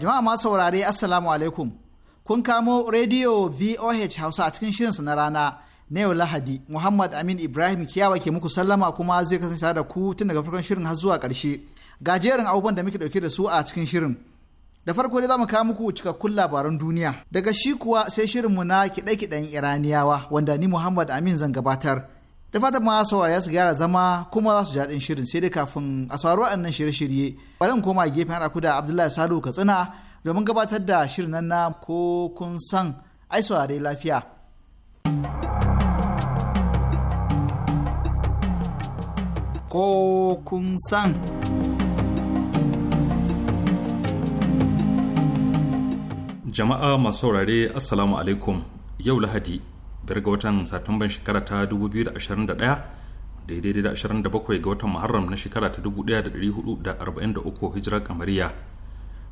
Jama'a masu saurare Assalamu alaikum. Kun kamo rediyo VOH Hausa a cikin shirinsa na rana na yau Lahadi. Muhammad Amin Ibrahim Kiyawa ke muku sallama kuma zai kasance da ku tun daga farkon shirin har zuwa karshe. Gajeren abubuwan da muke ɗauke da su a cikin shirin. Da farko dai za mu kawo muku cikakkun labaran duniya. Daga shi kuwa sai shirinmu na kiɗe-kiɗen Iraniyawa wanda ni Muhammad Amin zan gabatar. da fatan ma sauraya su gyara zama kuma za su ji daɗin shirin sai dai kafin a sauraro annan shirye-shirye bari mu koma gefen haɗa da abdullahi salu katsina domin gabatar da shirin nan na ko kun san ai saurare lafiya. Ko kun san. Jama'a masu saurare Assalamu alaikum yau Lahadi daga ga watan satumban shekara ta 2021 daidai da 27 ga watan muharram na shekara ta 1443 hijira kamariya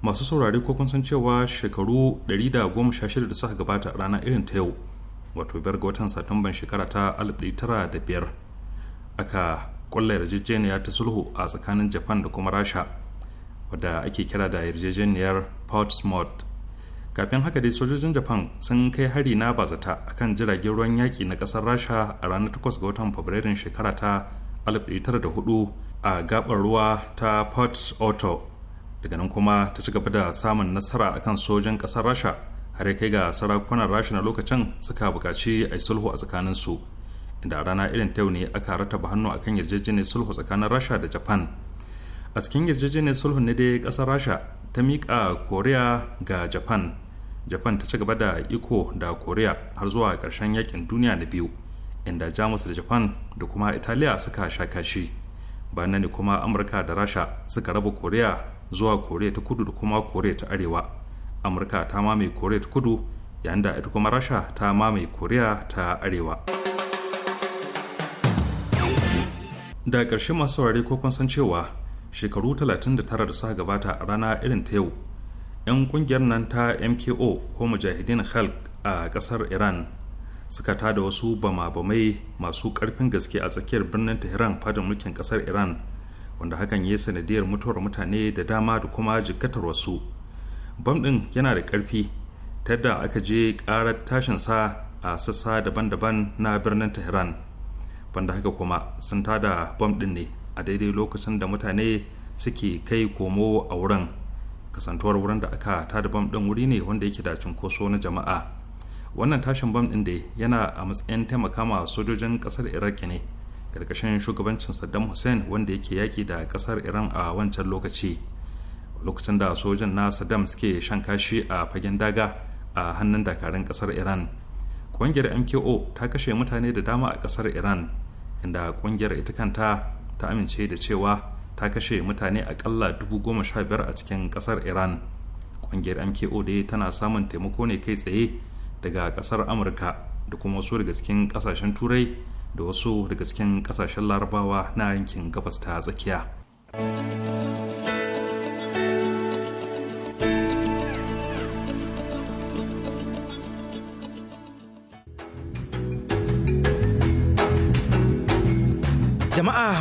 masu saurari ko kun san cewa shekaru 116 da suka gabata rana irin ta yau wato biyar ga watan satumban shekara ta 1905 aka kulla yarjejeniya ta sulhu a tsakanin japan da kuma rasha wadda ake kira da yarjejeniyar portsmouth kafin haka dai sojojin japan sun kai hari na bazata akan jiragen ruwan yaƙi na ƙasar rasha a ranar 8 ga watan fabrairun shekara ta 1904 a gabar ruwa ta port otto daga nan kuma ta ci gaba da samun nasara akan sojin ƙasar rasha har kai ga sarakunan rasha na lokacin suka buƙaci a yi sulhu a tsakanin su inda a rana irin ta yau ne aka rataba hannu akan yarjejeniyar sulhu tsakanin rasha da japan a cikin yarjejeniyar sulhu ne dai ƙasar rasha ta miƙa koriya ga japan japan ta ci gaba da iko da korea har zuwa karshen yakin duniya na biyu inda jamus da japan da kuma italiya suka sha kashi bayan ne kuma amurka da rasha suka raba korea zuwa korea ta kudu da kuma korea ta arewa amurka ta mamaye korea ta kudu yayin da ita kuma rasha ta mamaye korea ta arewa da ƙarshe masu saurari ko kun san cewa shekaru 39 da suka gabata a rana irin ta yau 'yan kungiyar nan ta mko ko mujahidin khalq a kasar iran suka tada wasu bama-bamai masu karfin gaske a tsakiyar birnin tehran fadin mulkin kasar iran wanda hakan ya sanadiyar mutuwar mutane da dama da kuma jikatar wasu bam ɗin yana da karfi ta yadda aka je ƙarar sa a sassa daban-daban na birnin tehran banda haka kuma sun tada bam ɗin ne a daidai lokacin da mutane suke kai komo a wurin kasantuwar wurin da aka tada bam din wuri ne wanda yake da cunkoso na jama'a wannan tashin bam din da yana a matsayin taimaka ma sojojin kasar iraki ne karkashin shugabancin saddam hussein wanda yake yaki da kasar iran a wancan lokaci lokacin da sojan na saddam suke shan kashi a fagen daga a hannun dakarun kasar iran ƙungiyar mko ta kashe mutane da dama a kasar iran inda ƙungiyar ita kanta ta amince da cewa ta kashe mutane akalla biyar a cikin kasar iran ƙungiyar mko dai tana samun taimako ne kai tsaye daga kasar amurka da kuma wasu daga cikin kasashen turai da wasu daga cikin kasashen larabawa na yankin gabas ta tsakiya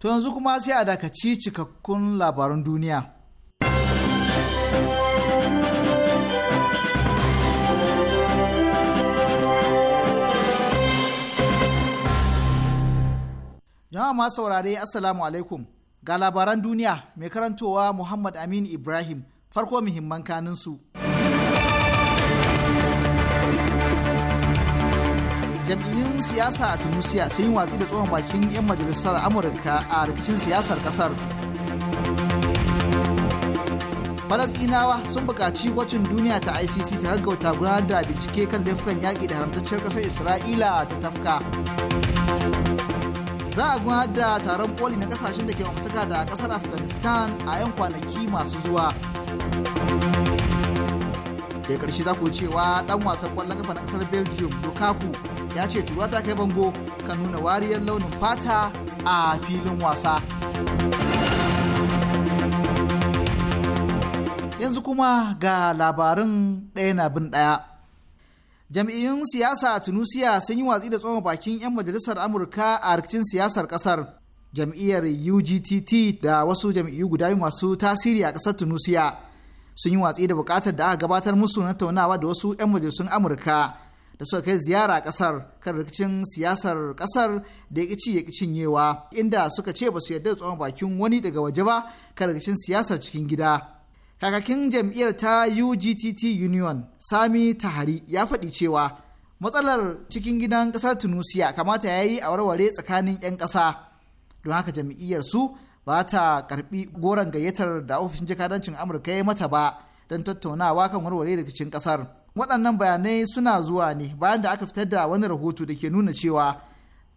To yanzu kuma sai a dakaci cikakkun labarun duniya. Jama'a ma saurare Assalamu alaikum ga labaran duniya mai karantowa Muhammad Amin Ibrahim farko muhimman kaninsu. su. jam'iyyun siyasa a tunisia sun yi watsi da tsohon bakin 'yan majalisar amurka a rikicin siyasar kasar falasinawa sun buƙaci wacin duniya ta icc ta gaggauta gudanar da bincike kan laifukan yaƙi da haramtacciyar ƙasar isra'ila ta tafka za a gudanar da taron koli na ƙasashen da ke mamtaka da ƙasar afghanistan a 'yan kwanaki masu zuwa da karshe za ku cewa dan wasan kwallon kafa na kasar belgium lukaku ya ce tura ta kai bango kan nuna wariyar launin fata a filin wasa yanzu kuma ga labarin ɗaya na bin ɗaya jam'iyyun siyasa a tunisia sun yi watsi da tsohon bakin 'yan majalisar amurka a rikicin siyasar kasar jam'iyyar ugtt da wasu jam'iyyu guda masu tasiri a ƙasar tunisia sun yi watsi da bukatar da aka gabatar musu na taunawa da wasu 'yan majalisun amurka da suka kai ziyara kasar kan rikicin siyasar kasar da ya ci yewa, inda suka ce ba su yarda da tsohon bakin wani daga waje ba kan rikicin siyasar cikin gida kakakin jam'iyyar ta ugtt union sami tahari ya faɗi cewa matsalar cikin gidan kasar tunisia kamata ya yi a warware tsakanin 'yan ƙasa don haka jam'iyyar su ba ta karbi goron gayyatar da ofishin jakadancin amurka ya mata ba don tattaunawa kan warware rikicin kasar waɗannan bayanai suna zuwa ne bayan da aka fitar da wani rahoto da ke nuna cewa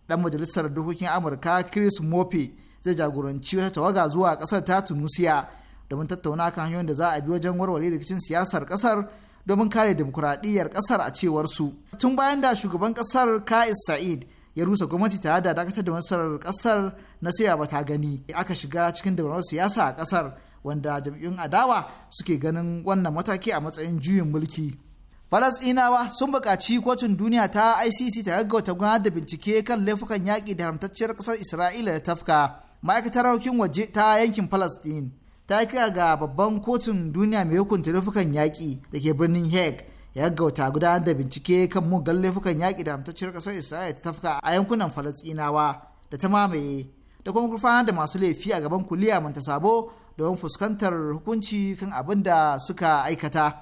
ɗan majalisar dokokin amurka chris murphy zai jagoranci wata tawaga zuwa ƙasar ta tunusiya domin tattauna kan hanyoyin da za a bi wajen warware rikicin siyasar ƙasar domin kare demokuraɗiyyar ƙasar a cewar su tun bayan da shugaban ƙasar ka'is sa'id ya rusa gwamnati ta da dakatar da masarar kasar na siya ba ta gani aka shiga cikin dabarun siyasa a kasar wanda jam'iyyun adawa suke ganin wannan mataki a matsayin juyin mulki falasɗinawa sun buƙaci kotun duniya ta icc ta gaggauta gudanar da bincike kan laifukan yaƙi da haramtacciyar ƙasar isra'ila da tafka ma'aikatar harkokin waje ta yankin falasɗin ta kira ga babban kotun duniya mai hukunta laifukan yaƙi da ke birnin hague ya gauta gudanar da bincike kan mugan laifukan yaƙi da amtaccen ƙasar isra'ila ta tafka a yankunan falastinawa da ta mamaye da kuma gurfanar da masu laifi a gaban kuliya manta sabo don fuskantar hukunci kan abin da suka aikata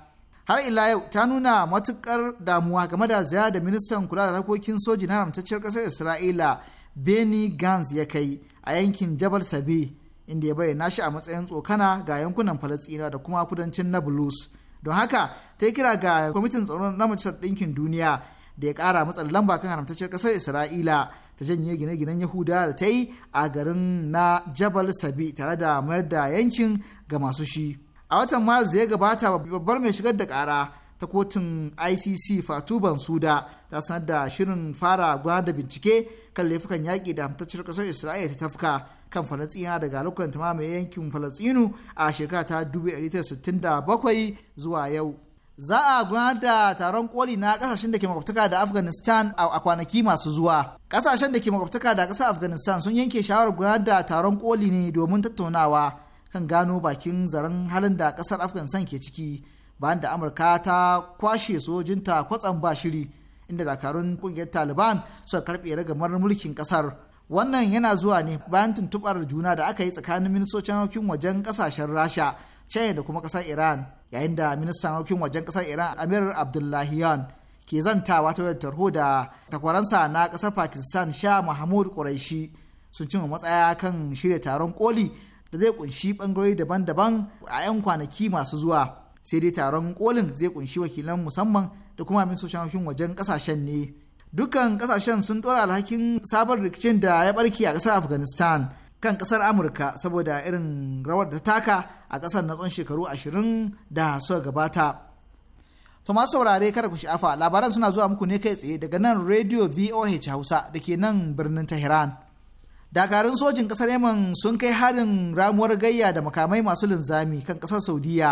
har ila yau ta nuna matukar damuwa game da ziyara da ministan kula da harkokin soji na haramtacciyar ƙasar isra'ila benny gans ya kai a yankin jabal sabi inda ya bayyana shi a matsayin tsokana ga yankunan falastinawa da kuma kudancin nablus don haka ta yi kira ga kwamitin tsaro na majalisar ɗinkin duniya da ya ƙara matsan lamba kan haramtacciyar ƙasar isra'ila ta janye gine-ginen yahuda da ta yi a garin na jabal sabi tare da mayar da yankin ga masu shi a watan maris da ya gabata babbar mai shigar da ƙara ta kotun icc fatu bansuda ta sanar da shirin fara gudanar da bincike kan laifukan yaƙi da haramtacciyar ƙasar isra'ila ta tafka kan falastina daga lokacin mamaye yankin falasinu a shekara ta 1967 zuwa yau za a gudanar da taron koli na kasashen da ke makwabtaka da afghanistan a kwanaki masu zuwa kasashen da ke makwabtaka da kasar afghanistan sun yanke shawarar gudanar da taron koli ne domin tattaunawa kan gano bakin zaren halin da kasar afghanistan ke ciki bayan da amurka ta kwashe sojinta kwatsam ba shiri inda dakarun kungiyar taliban suka karɓe ragamar mulkin kasar. wannan yana zuwa ne bayan tuntubar juna da aka yi tsakanin ministocin harkokin wajen kasashen rasha china da kuma kasar iran yayin da ministan harkokin wajen kasar iran amir abdullahiyan ke zantawa ta wadda tarho da takwaransa na kasar pakistan sha mahmud quraishi sun cimma matsaya kan shirya taron koli da zai kunshi bangarori daban-daban a 'yan kwanaki masu zuwa sai dai taron kolin zai kunshi wakilan musamman da kuma ministocin harkokin wajen kasashen ne dukkan kasashen sun dora alhakin sabon rikicin da ya barke a kasar afghanistan kan kasar amurka saboda irin rawar da ta taka a kasar na tsawon shekaru ashirin da suka gabata to masu saurare kada ku sha'afa labaran suna zuwa muku ne kai tsaye daga nan radio voh hausa da ke nan birnin tehran dakarun sojin kasar yaman sun kai harin ramuwar gayya da makamai masu linzami kan kasar saudiya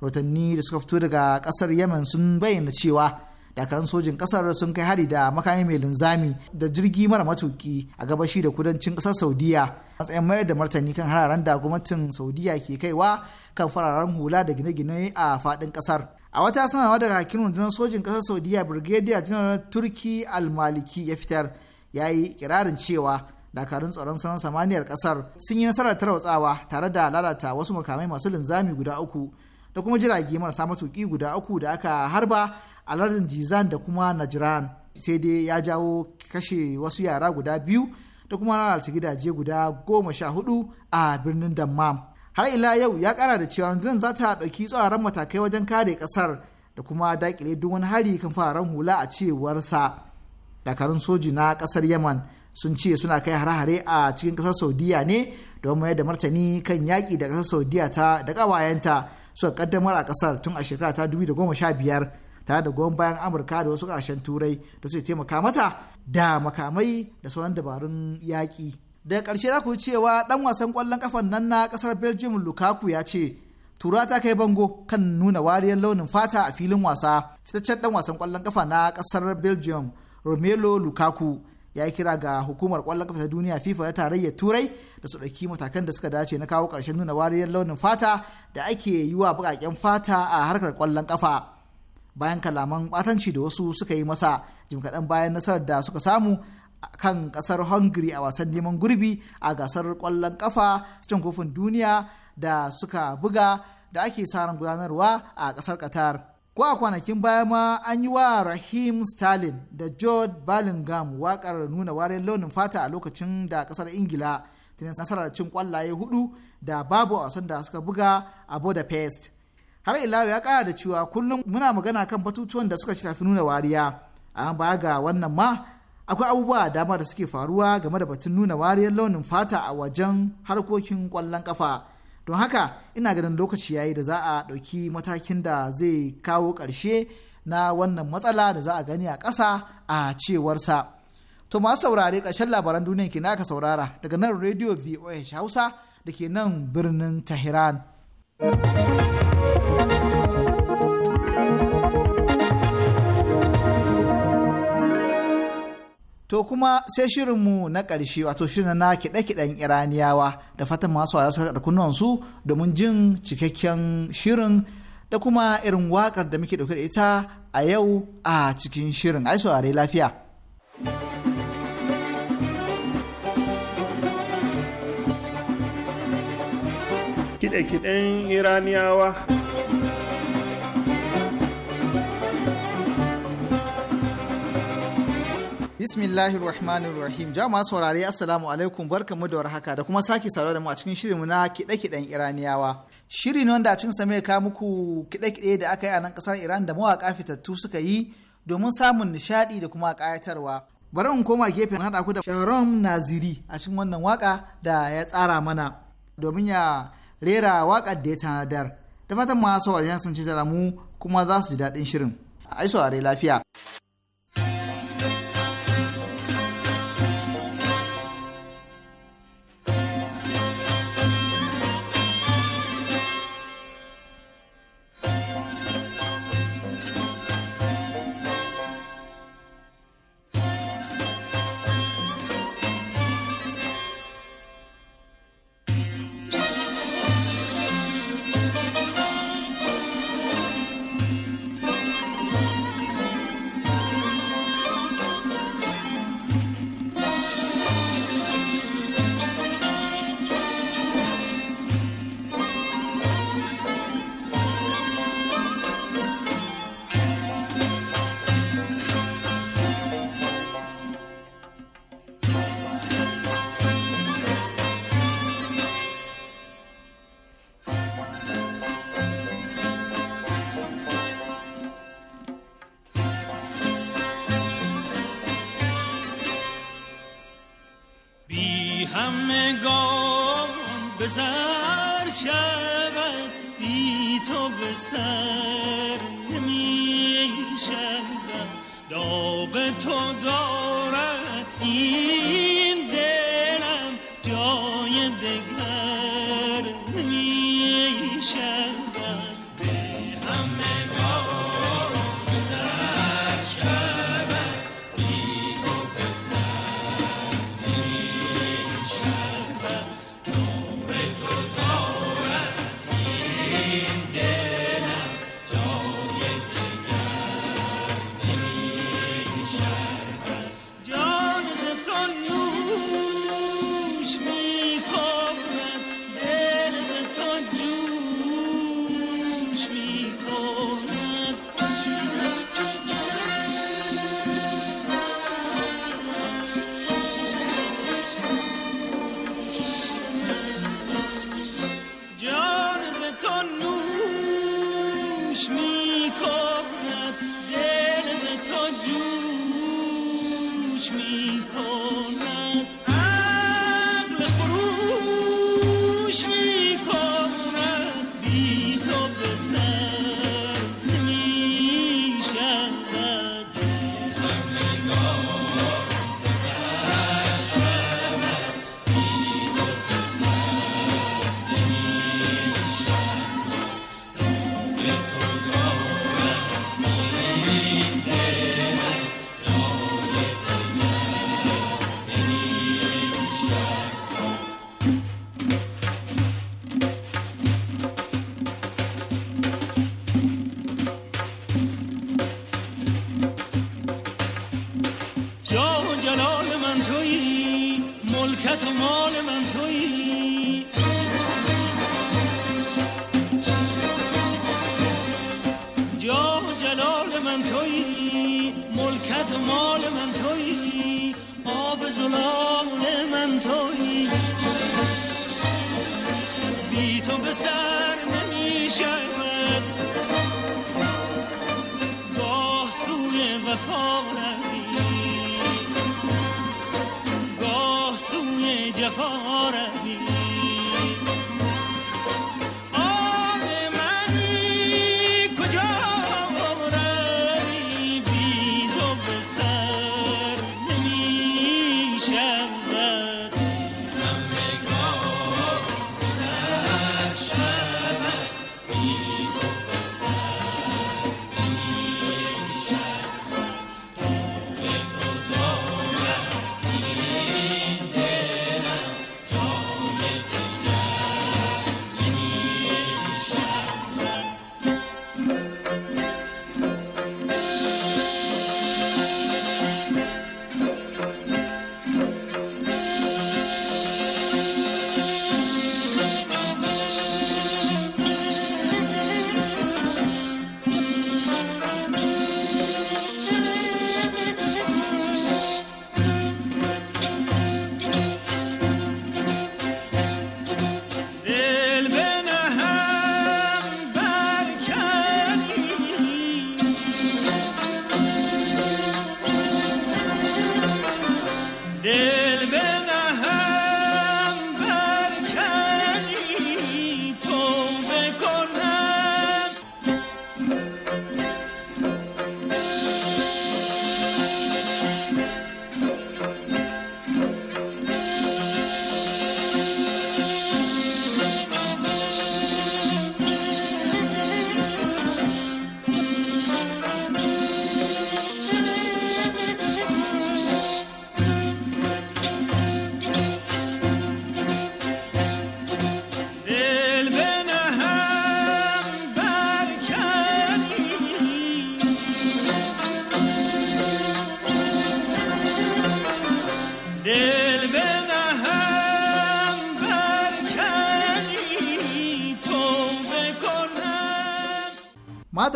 rotanni da suka fito daga kasar yaman sun bayyana cewa dakarun sojin kasar sun kai hari da makami mai linzami da jirgi mara matuki a gabashi da kudancin kasar saudiya matsayin mayar da martani kan hararen da gwamnatin saudiya ke kaiwa kan fararen hula da gine-gine a fadin kasar a wata sanarwa daga hakimin rundunar sojin kasar saudiya brigadier general turki almaliki ya fitar ya yi kirarin cewa dakarun tsaron sanar samaniyar kasar sun yi nasarar ratsawa tare da lalata wasu makamai masu linzami guda uku da kuma jirage marasa matuki guda uku da aka harba a lardin jizan da kuma najran sai dai ya jawo kashe wasu yara guda biyu da kuma lalata gidaje guda goma sha hudu a birnin dammam har ila yau ya kara da cewa rundunar za ta ɗauki tsoron matakai wajen kare kasar da kuma daƙile duk wani hari kan fararen hula a cewarsa dakarun soji na kasar yaman sun ce suna kai hare-hare a cikin kasar saudiya ne don mayar da martani kan yaƙi da kasar saudiya ta da ƙawayenta suka kaddamar a kasar tun a shekara ta 2015 ta da goyon bayan amurka da wasu ƙasashen turai da su taimaka mata da makamai da sauran dabarun yaƙi daga ƙarshe za ku ji cewa ɗan wasan ƙwallon ƙafan nan na ƙasar belgium lukaku ya ce tura ta kai bango kan nuna wariyar launin fata a filin wasa fitaccen ɗan wasan ƙwallon ƙafa na ƙasar belgium romelo lukaku ya yi kira ga hukumar ƙwallon ƙafa ta duniya fifa ta tarayyar turai da su ɗauki matakan da suka dace na kawo ƙarshen nuna wariyar launin fata da ake yi wa baƙaƙen fata a harkar ƙwallon ƙafa bayan kalaman batanci da wasu suka yi masa jim kaɗan bayan nasarar da suka samu kan ƙasar hungary a wasan neman gurbi a gasar ƙwallon ƙafa cin kofin duniya da suka buga da ake saran gudanarwa a ƙasar qatar ko a kwanakin baya ma an yi wa rahim stalin da george ballingham waƙar nuna wariyar launin fata a lokacin da ƙasar ingila ta nasarar cin ƙwallaye hudu da babu a wasan da suka buga a budapest har ila ya kara da cewa kullum muna magana kan batutuwan da suka shafi nuna wariya an ba ga wannan ma akwai abubuwa dama da suke faruwa game da batun nuna wariyar launin fata a wajen harkokin kwallon kafa don haka ina ganin lokaci yayi da za a ɗauki matakin da zai kawo ƙarshe na wannan matsala da za a gani a ƙasa a cewarsa to masu saurare ƙarshen labaran duniya ke aka saurara daga nan radio voh hausa da ke nan birnin tehran To kuma sai shirinmu na ƙarshe wato shirin na kiɗe-kiɗen Iraniyawa da fatan masu wara da kunnuwansu domin jin cikakken shirin da kuma irin waƙar da muke ɗauke da ita a yau a cikin shirin. Ai saurare lafiya. Kiɗe-kiɗen Iraniyawa. Bismillahir Rahmanir Rahim. Jama'a saurare Assalamu alaikum barkamu da warhaka da kuma sake saurare da mu a cikin shirinmu na kiɗe-kiɗen Iraniyawa. Shiri ne wanda a cikin sa mai ka muku kiɗe-kiɗe da aka yi a nan ƙasar Iran da mawaƙa fitattu suka yi domin samun nishaɗi da kuma ƙayatarwa. Bari in koma gefen haɗa ku da Sharon Naziri a cikin wannan waka da ya tsara mana domin ya rera waƙar da ya tanadar. Da fatan masu saurare sun ci mu kuma za su ji daɗin shirin. Ai saurare lafiya. پیشم داغ تو داغ مملکت و مال من تویی جا و جلال من تویی ملکت و مال من تویی آب زلال من تویی بی تو به سر نمی شود گاه سوی وفا جفا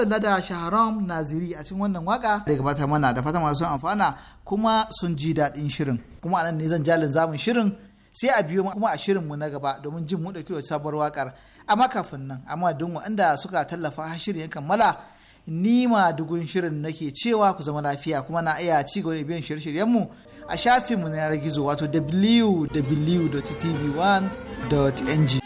madalla da shaharam naziri a cikin wannan waka da gabata mana da fata masu amfana kuma sun ji daɗin shirin kuma anan ne zan jalin zamun shirin sai a biyo kuma a shirin mu na gaba domin jin mu dauki sabuwar wakar amma kafin nan amma don waɗanda suka tallafa shirin ya kammala ni ma dugun shirin nake cewa ku zama lafiya kuma na iya ci gaba da biyan shirye-shiryen mu a shafin mu na yanar gizo wato www.tv1.ng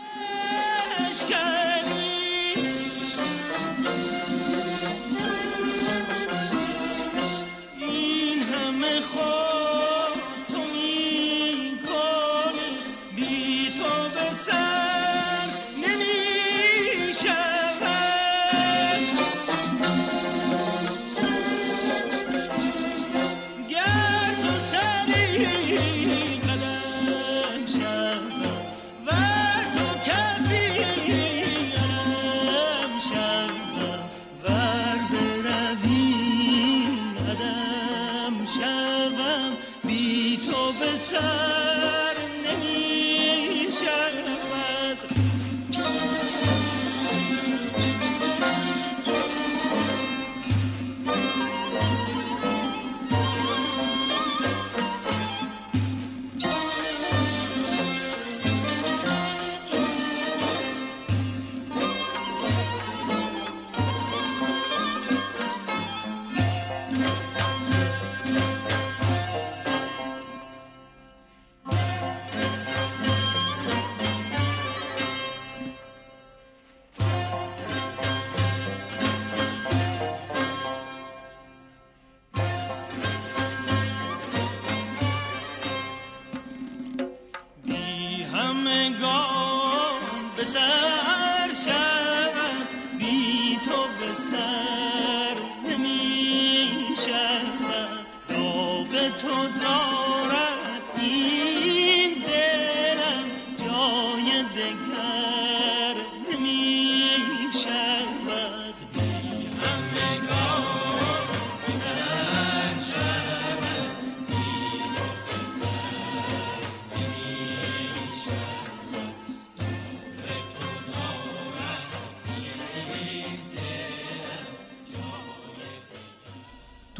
تو داد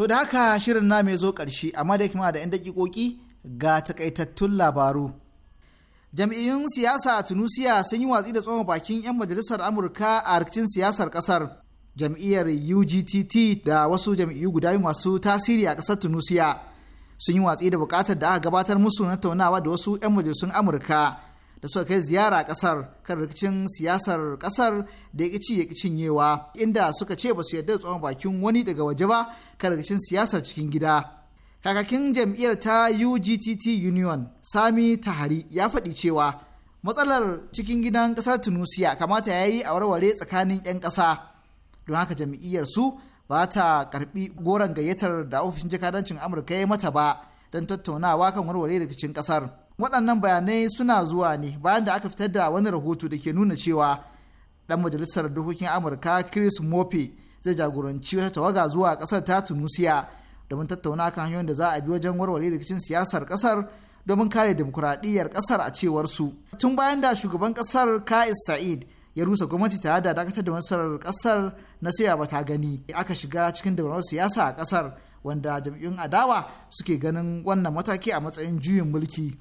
To da haka shirin na mai zo ƙarshe amma da kima da 'yan daƙiƙoƙi ga takaitattun labaru. Jam'iyyun siyasa a Tunusiya sun yi watsi da tsohon bakin 'yan majalisar Amurka a rikicin siyasar ƙasar. Jam'iyyar UGTT da wasu jam'iyyu guda masu tasiri a ƙasar Tunusiya sun yi watsi da buƙatar da aka gabatar musu na taunawa da wasu 'yan majalisun Amurka da suka kai ziyara ƙasar kasar kan rikicin siyasar kasar da ya ci ya cinyewa inda suka ce ba su yarda da tsawon bakin wani daga waje ba kan rikicin siyasar cikin gida kakakin jam'iyyar ta UGTT Union Sami Tahari ya faɗi cewa matsalar cikin gidan ƙasar Tunusiya kamata ya yi a warware tsakanin 'yan ƙasa don haka jam'iyyar su ba ta karbi goron gayyatar da ofishin jakadancin Amurka ya mata ba don tattaunawa kan warware rikicin ƙasar. waɗannan bayanai suna zuwa ne bayan da aka fitar da wani rahoto da ke nuna cewa ɗan majalisar dokokin amurka chris murphy zai jagoranci wata tawaga zuwa ƙasar ta tunusiya domin tattauna kan hanyoyin da za a bi wajen warware rikicin siyasar ƙasar domin kare demokuraɗiyyar ƙasar a cewar su tun bayan da shugaban ƙasar ka'is sa'id ya rusa gwamnati tare da dakatar da masarar ƙasar na sai ba ta gani aka shiga cikin dabarun siyasa a ƙasar wanda jam'iyyun adawa suke ganin wannan mataki a matsayin juyin mulki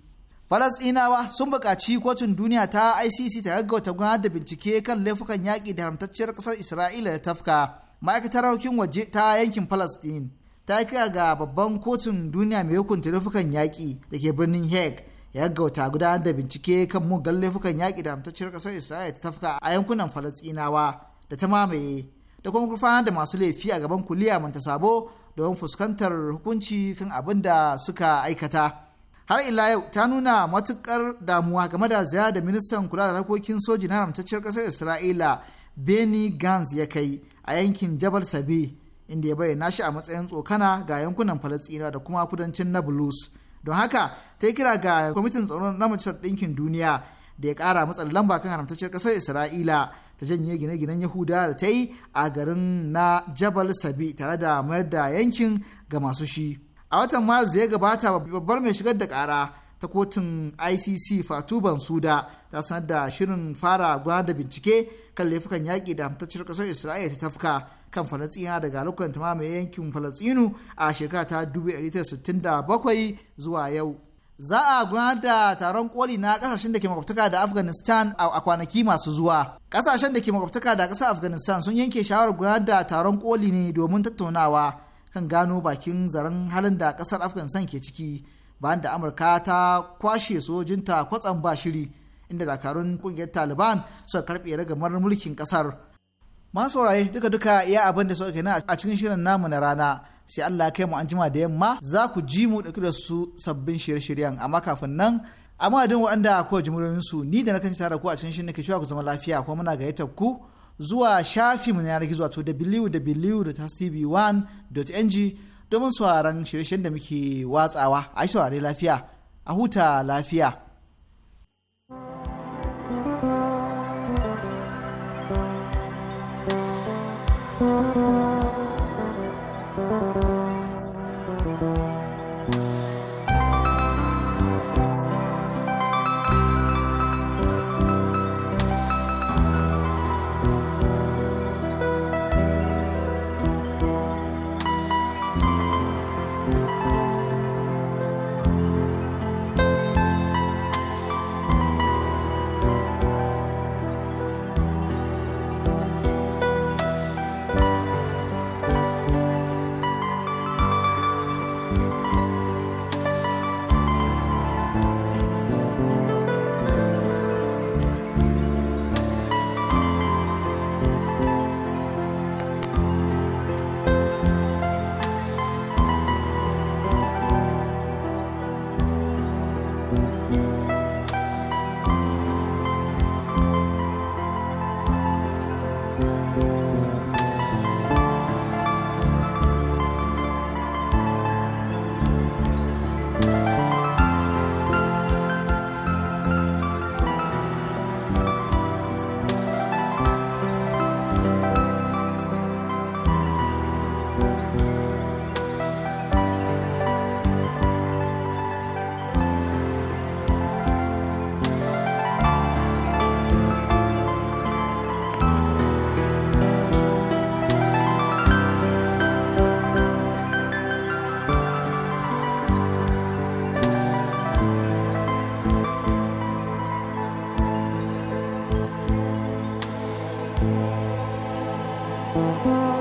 Falasɗinawa sun buƙaci kotun duniya ta ICC ta gaggauta gudanar da bincike kan laifukan yaƙi da haramtacciyar ƙasar Isra'ila da tafka. Ma'aikatar harkokin waje ta yankin Falasɗin ta kira ga babban kotun duniya mai hukunta laifukan yaƙi da ke birnin Hague ya gaggauta gudanar da bincike kan mugan laifukan yaƙi da haramtacciyar ƙasar Isra'ila ta tafka a yankunan Falasɗinawa da ta mamaye da kuma gurfanar da masu laifi a gaban kuliya manta sabo don fuskantar hukunci kan abin da suka aikata. har ila yau ta nuna matukar damuwa game da zaya da ministan kula da harkokin soji na haramtacciyar kasar isra'ila benny gans ya kai a yankin jabal sabi inda ya bayyana shi a matsayin tsokana ga yankunan falastina da kuma kudancin nablus don haka ta yi kira ga kwamitin tsaro na majalisar ɗinkin duniya da ya kara matsan lamba kan haramtacciyar kasar isra'ila ta janye gine-ginen yahuda da ta yi a garin na jabal sabi tare da mayar da yankin ga masu shi. a watan maris da ya gabata babbar mai shigar da kara ta kotun icc fatu suda ta sanar da shirin fara gudanar da bincike kan laifukan yaƙi da hamtaccen ƙasar isra'ila ta tafka kan falastina daga lokacin mamaye yankin falastinu a shekara ta 1967 zuwa yau za a gudanar da taron koli na kasashen da ke makwabtaka da afghanistan a kwanaki masu zuwa kasashen da ke makwabtaka da kasar afghanistan sun yanke shawarar gudanar da taron koli ne domin tattaunawa kan gano bakin zaren halin da kasar afghanistan ke ciki bayan da amurka ta kwashe sojinta kwatsam ba shiri inda dakarun kungiyar taliban suka karbe ragamar mulkin kasar masu saurare duka duka ya abin da suka kenan a cikin shirin namu na rana sai allah kai mu an jima da yamma za ku ji mu dauki da su sabbin shirye-shiryen amma kafin nan amma adin waɗanda ko jimurorin su ni da na kan tare ku a cikin shirin nake cewa ku zama lafiya ko muna gayyatar ku zuwa shafi mu na yanar gizo wato www.tv1.ng domin sauraron shirye-shiryen da muke watsawa a yi saurari lafiya a huta lafiya. Thank you.